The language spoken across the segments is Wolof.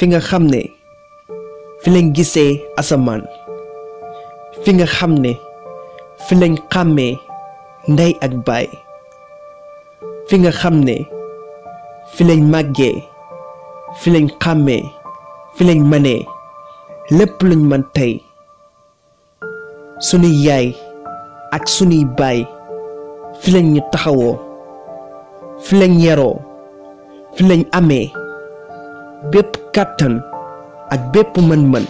fi nga xam ne fi lañ gisee asamaan fi nga xam ne fi lañ xàmmee ndey ak baay fi nga xam ne fi lañ màggee fi lañ xàmmee fi lañ manee lépp luñ man tey sunuy yaay ak sunuy baay fi lañ taxawoo fi lañ yaroo lañ amee bépp kàttan ak bépp mën-mën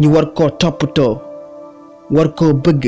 ñu war koo toppatoo war koo bëgg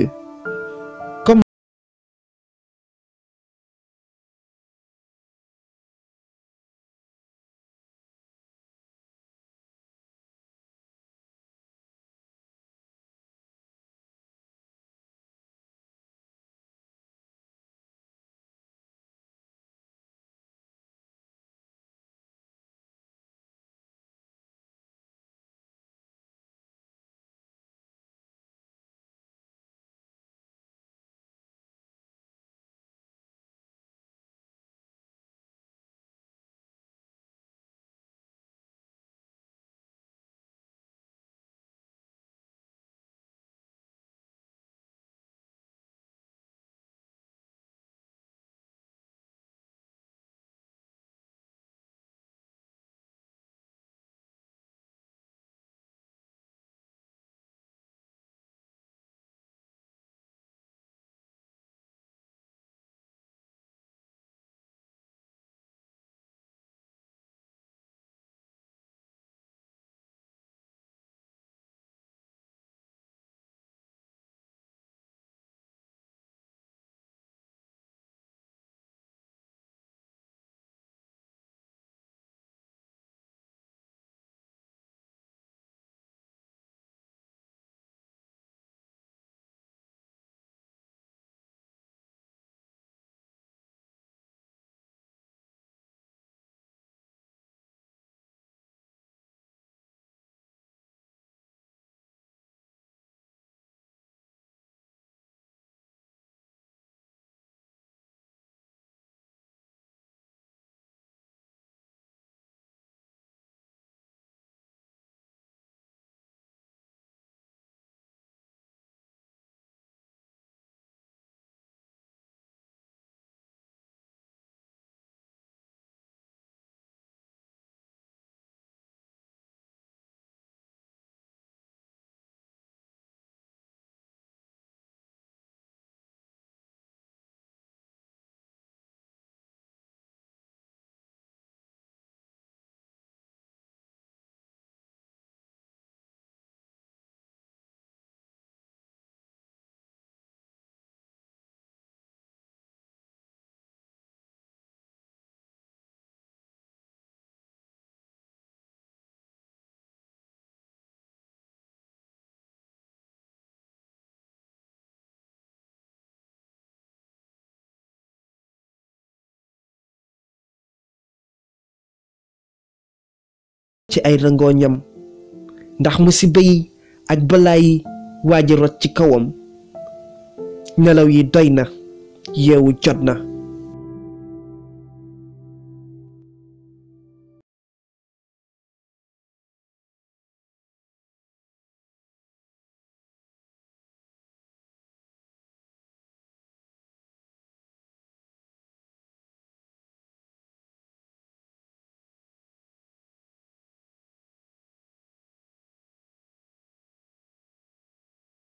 ci ay rangooñam ndax mu musiba yi ak balaa yi waaji rot ci kawam nelaw yi doy na yeewu jot na